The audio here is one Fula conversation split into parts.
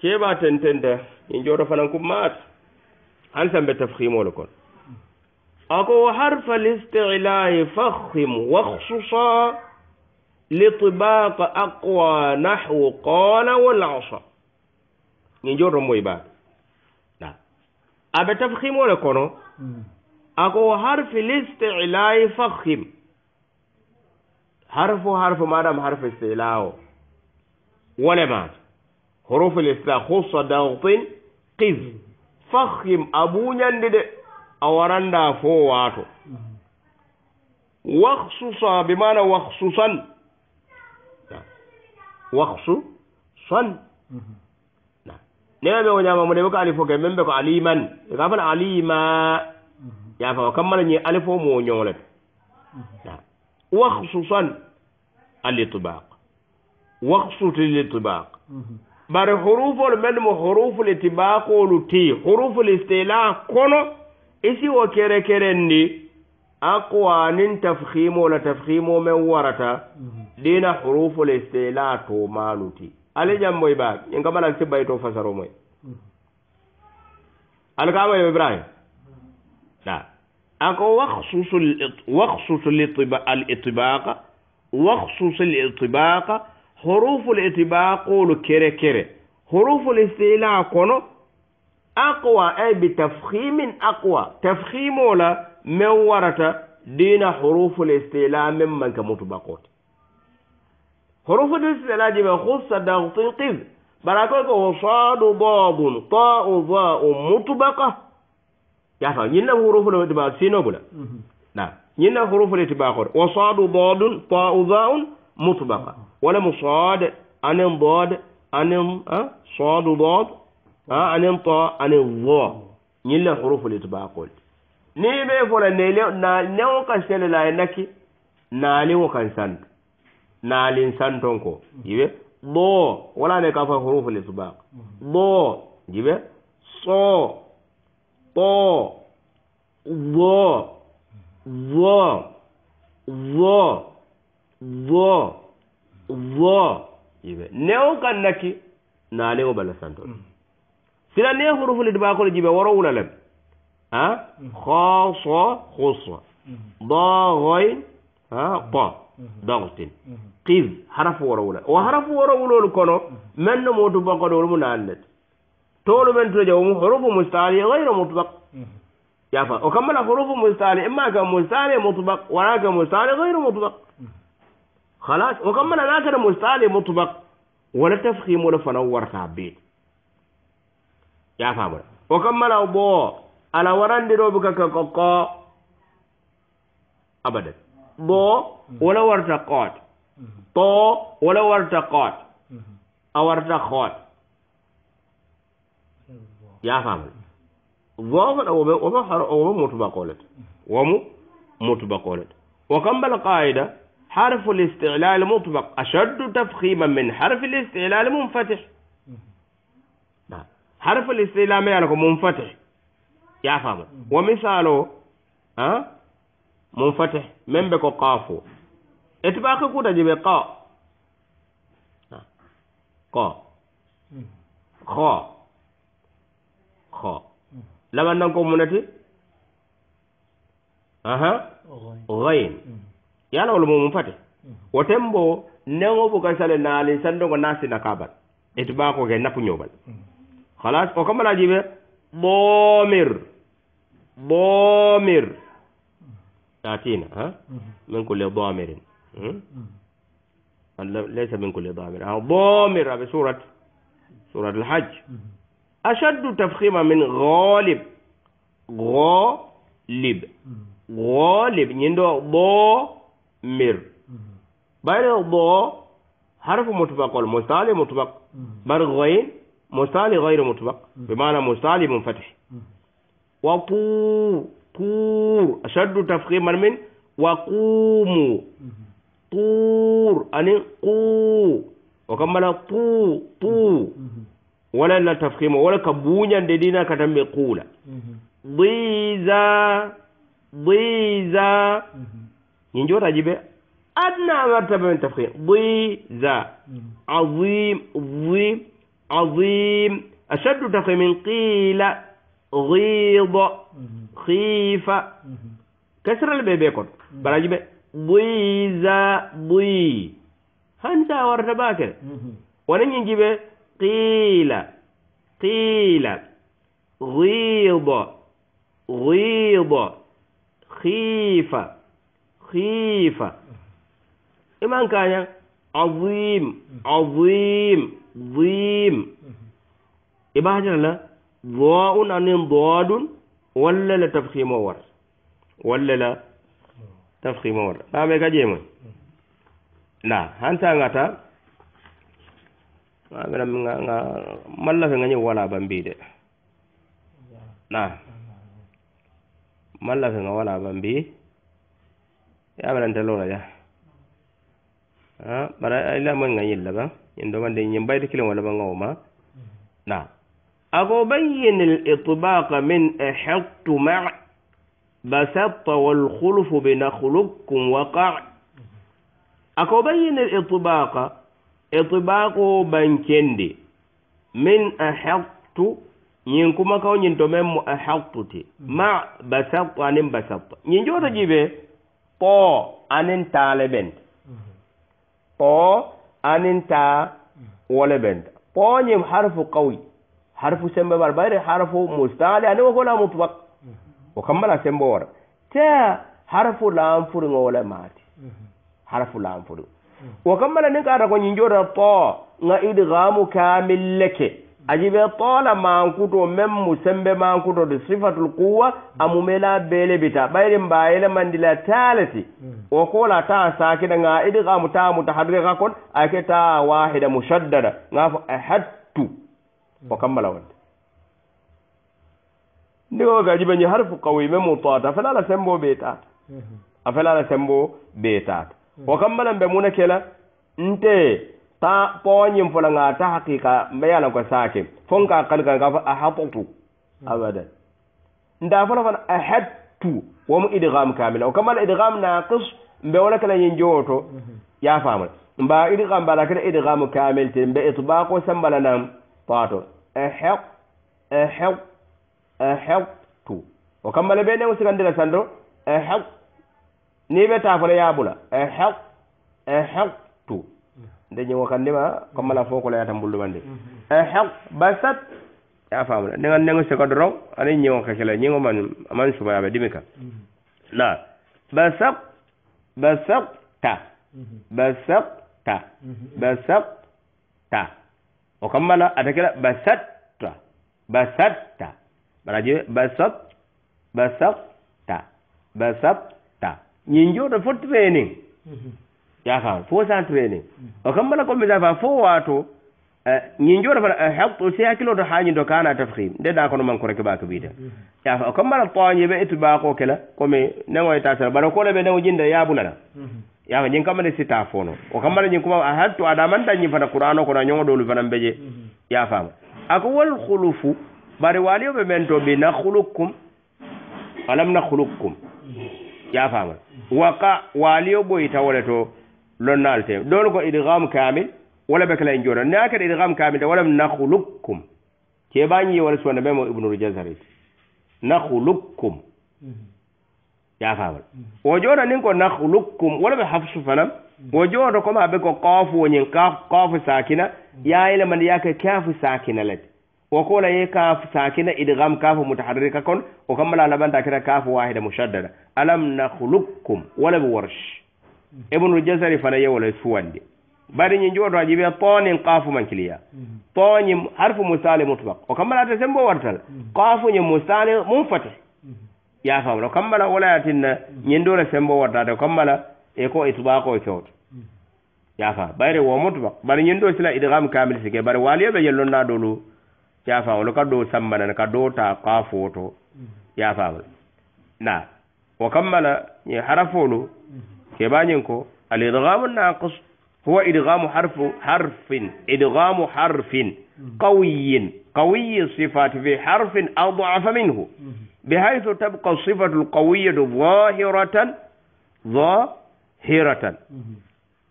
keɓa tententa in jooɗo fanan kum maat han sambe tafhimole kon ako harfa listilahi fahim wahsusa litibaq aqwa nahwu qala walasa in jooɗo moy baat aɓe tafhimole kono ako harfi listilahi fahim harfo harfo maɗam harfe istila o wole maata حروف الإثناء خصوصا دغطين قذ فخم أبونا ندد أورانا فواتو وخصوصا بمعنى وخصوصا وخصوصا نعم نعم نعم نعم نعم نعم نعم نعم نعم نعم يا فاكم مالني ألف ومونيون لك وخصوصا الاطباق وخصوصا الاطباق bare horufol men mo horufol tibakolu ti horufol stela kono isi wo kere keren ni akuwanin tafhimo la tafhimo men warata mhm. dina horufol stela to malu ti ale jamboy ba en kamal al sibay e to fasaro moy mhm. al kamay ibrahim mhm. da ako wakhsusul wakhsusul litiba al itibaqa wakhsusul itibaqa horuful itibaqulu kere kere horuful istila kono aqwa ay bi tafhimin aqwa tafhimola men warata dina horuful istila men manka mutubakote horuful istila jiba hussa dartinqiz bara koko ho sadu babun ta'u za'u mutubaka yata ñinna horuful itiba sino bula mhm. na ñinna horuful itibaqode wa sadu babun ta'u za'un mutubaka mm -hmm. wala mo soode anen boode anen ah, soodu boodo ah, anen to anen voo ñille huruflito baakolde ni ɓe fola newo kan sele laye nakki naalinwo kan santo naalin santon ko jiɓe ɗoo wala ne ka fa huruflito baako ɗoo jiɓe soo ɗoo voo voo voo voo wo yiɓe newo gandaki naalewo balla santoɗo mm. sila ne hurufule dibakole jiɓe woro wulalaɓe a mm. hoso huswa dogoyn mm. a po mm-hmm. dogtin qiv mm-hmm. harafu woro wulal o harafu woro wulol kono mm-hmm. menno motubakkaɗol mu naallet tolu men tuna jawmu hurufu mustaali gayro mutubak yafa o kammala hurufu mustaali imma ka mustaali mutubak wala ka mustaali gayro mutubak halas o kam mana ga kene mustale mutbak wala tafhimola fana warta bee yafamoda o kam mana bo ala warandiroɓe kaka koko abadan bo wala warta koot to wala warta koot a warta koot yafamoda bofoɗa woɓe woɓe har owoɓe mutubakolete womo mutubakolete o kam mbala kaida حرف الاستعلاء المطلق أشد تفخيما من حرف الاستعلاء المنفتح نعم. حرف ما يعني منفتح يا فهم ومثاله ها منفتح من بكو قافو اتباك كوتا جيب قا نعم. قا خا خا لما نكون منتي أها غين yana wala mumum fati mm-hmm. watembo nengo buka sale naali sandongo na kabat kabal eti mm-hmm. ba ko ke napu nyobal mm-hmm. khalas o kamala jibe bomir bomir tatina ha min kulle bomirin hmm? laysa min kulle bomir ha bomir aɓe surat surat alhajj ashaddu tafhima min ghalib ghalib ghalib ñin bo مر بين الضاء حرف مطبق والمستعلي مطبق برغين مستعلي غير مطبق بمعنى مستعلي منفتح وطو طور أشد تفخيما من وقوموا طور أن قو وكمل طو طو ولا لا تفخيم ولا كبونيا دينا كتم قولا ضيزا ضيزا ينجو راجبه أدنى مرتبة من تفخيم ضي ذا عظيم ضيم عظيم أشد تفخيم قيل غيظ خيف كسر البيبي كون براجبه ضي ذا ضي هنسى ورتباك ولن ينجب قيل قيل غيظ غيظ خيفه khiifa iman kaña avim avim vim ibadina la vaun anin daadun walla la tafhimo war walla la tafhimo war ɓaɓe ka ƴeemoy nda hantangata aɓeaga mallafe gañi wala bambiide na mallafe ga wala bambi ya bana ta lora ya ha bara ila mon ngai laba in do mande nyim bayde kilen wala bango ma na ago bayyin al itbaq min ahattu ma basatta wal khulf bin khulukum waqa ako bayyin al itbaq itbaqo bankendi min ahattu nyin kuma kaw nyin to memmo ahattu ti ma mm-hmm. basatta nim basatta nyin joto jibe mm -hmm. poo anin taa le bente poo anin taa wo le bente poo ñim harfu kawi harfu sembe war bayre harfu mustaali ani wo fo laamu tubak wo kambala sembe wora te harfu laamfuriŋo wo le maati harfu laamfuriŋo wo kambala nin kaata ko ñinjoota poo ŋa idgaamu kamil leke aji ɓe toola mankuto même mo sembe mankuto de sifatul quwa amumela bele bita ɓayri mbayele mandila taalati mm. o kola ta sakida ga idi kamu ta mutahadiga ka kon ake ta wahida mushaddada gafo ahadtu eh, mm. o kammala wonde ndigoo ka jibañi har fu kawii me mu toata a felaala sembo ɓe taata mm-hmm. a felaala sembo ɓe taata mm. o kammalan ɓe muna kela nte ta poñim fula nga ta haqiqa mbaya na ko saake fon ka kal ka ka a hapotu hmm. abada nda fula fan a hattu wam idgham kamila o kamal idgham na qis mbe wala kala yin joto hmm. ya famal mba idgham bala kala idgham kamil tin be itbaqo sambala nam pato a haq a haq a haqtu o kamal be ne musigandira sando a haq ni be ta fula ya bula a haq a haqtu nde ñingo kandima la foko la yatam layata bandi hmm. eh heq basat a famuna ndegan ndengo seka doron ana ñingo kakela mereka. man man subayaɓe ta, ka na hmm. basak ta. basakta hmm. basakta o kam mala ta, oh, kela ta. basatta mana ta ta, ta ta. ñin jooɗo fot training. yakaan fo centraine o kam mala commisa fa fo waato eh, ñin jooto fana eh, hekto si hakkilo to haañindo kaana tafkim nde da kono manko rek baka biida yaafa o kam mala toñe ɓe etude ɓaako kela comme nego e tasara bara kole ɓe nego jinde yaabunala yaafa ñin kammane sita fono o kam mala ñin kuma hatto aɗa mandañin fana qouran o kono a ñogoɗolu fana mbeje yaafama ako wal hulufu bare waali oɓe men to bi nahulukkum alam nahulukkum yaafama waka waali o ɓoyi tawole to لون نالتي دون كو ادغام كامل ولا بكلا انجورا ناك ادغام كامل ولم نخلقكم كي باني ولا سوانا بيمو ابن الجزري نخلقكم يا فاول وجونا نينكو نخلقكم ولا بحفص فنم وجونا كما بكو قاف ونين قاف قاف ساكنه يا الى من ياك كاف ساكنه لك وقول يا كاف ساكنه ادغام كاف متحركه كون وكمل على بنت كاف واحده مشدده الم نخلقكم ولا بورش ibnul jasari fana yewole suwande bari ñi njooto a jibe toonin kaafuman kiliya tooñi harfu musali mutbak o kam bala ata sembo wartal kaafuñi musali mum fate yafama o kam bala wolayatinna ñindure sembo wartata o kam bala e ko itbako kewto yafa bayre wo mutbak bari ñindo sila idgam kamil sike bari waliyoɓe yellonna dolu yafama lo ka do sambanan ka do ta kaafoto yafama na o kam bala harafolu كيبانينكو الادغام الناقص هو إدغام حرف حرف إدغام حرف قوي قوي الصفات في حرف أضعف منه بحيث تبقى الصفة القوية ظاهرة ظاهرة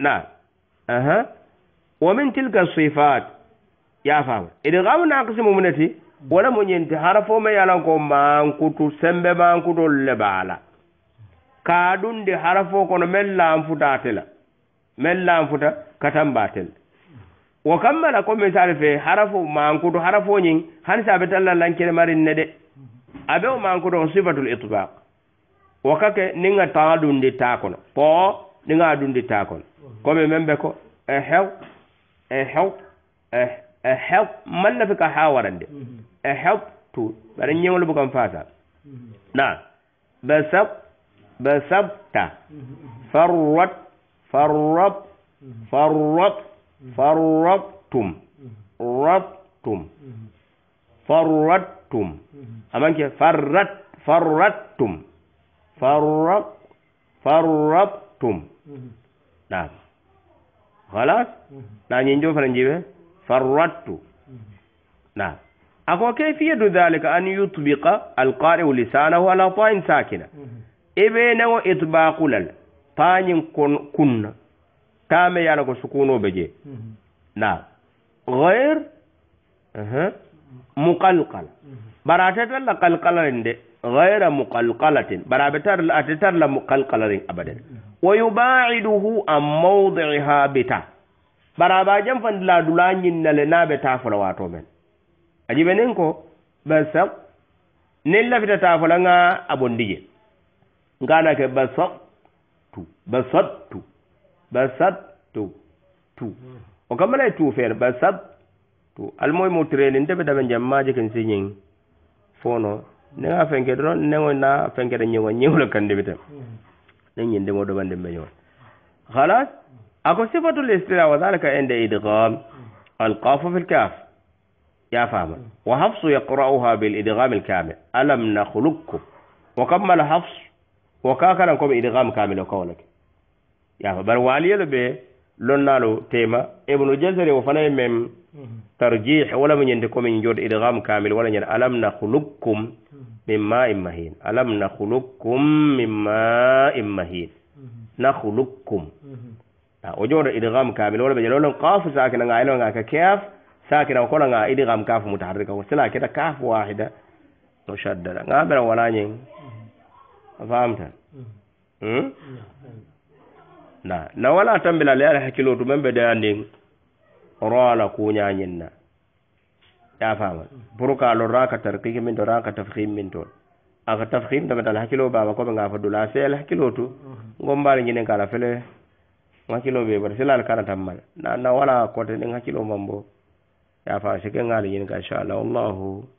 نعم أها ومن تلك الصفات يا فاهم إدغام ناقص ممنتي ولا من ينتهي حرفه ما يلقى ما أنكتو سنب ما أنكتو لبعلا kaaɗunde harafo kono men lanfuta tela men lanfuta katamba tel wo kammala ko misali fe harafo mankuto harafo ñin hani saabe talla lankere marin ne de abe o mankuto ko sifatul itbaq wo kake ninga taa ɗundi ta kono po ninga ɗundi ta kono komi men ɓe ko e hew e hew e, e hew malla fi ka ha warande mm-hmm. e hew tu ɓaɗa ñeŋolu bo kam fasa na ɓe sab بسبت فرت فرب فرب فربتم ربتم فرتم أمانك فرت فرتم فرب فربتم نعم خلاص نعم ينجو فنجيبه فرت نعم أكو كيفية ذلك أن يطبق القارئ لسانه على طائن ساكنة ibeenawo itbaakulal paañin kon kunna taame yala ko sukunoo be jee naa gayr mukalkala bara ate tar la kalkalarin de gayra mukalkalatin bara ate tar la mukalkalarin abaden mhm. wa yubaiduhu an maudii ha bita bara ba jam fandi la dula ñinnale naa be taafola waato men a jibenin ko basak nin lafita taafolanga abondije قال لك بسطت بسطت بسطت تو لا تو فير يعني بسطت المهم ترين انت بدا بنجا ماجي كن سينين فونو نغا فنكي درون نغو نا فنكي دنيو نيو لكن دبتا نين دمو دبان دمبيو خلاص اكو صفه الاستراء وذلك عند ادغام القاف في الكاف يا فاهم وحفص يقراها بالادغام الكامل الم نخلقكم وكمل حفص ko kakanan koɓe idgam kamilo kawolake yafa bar waliyelo ɓe lonnalo tema ibnu jazari o fanaye men tarjih wala mo ñande komin jorde idgam kamil wala ñande alam nahlukkum min ma in mahin alam nahlukkum min ma in mahin nahlukkum a o jooɗo idgam kamil wala ɓe ñande olon kafu sakinanga elonga ka keaf sakina o kolanga idgam kafu mutaharrika o sila keta kaf wahida mushaddada ga ɓeran wala ñeng a hmm. Hmm? faamta na na wala tambila le ala hakkiloto men ɓe deyanndin roala kuñañinna ya faama hmm. pour ka lorraka tarkik min to raka tafhim min toon aka tafhim tametal hakkilo baba ko ɓe ngafa dula se ala hakkiloto ngombaali ñinin kala fele hakkilo ɓe bata silaal kana tammal na na wala kote ɗin hakkilo mambo ya faama sikke ngaali ñinin ka inchallah wallahu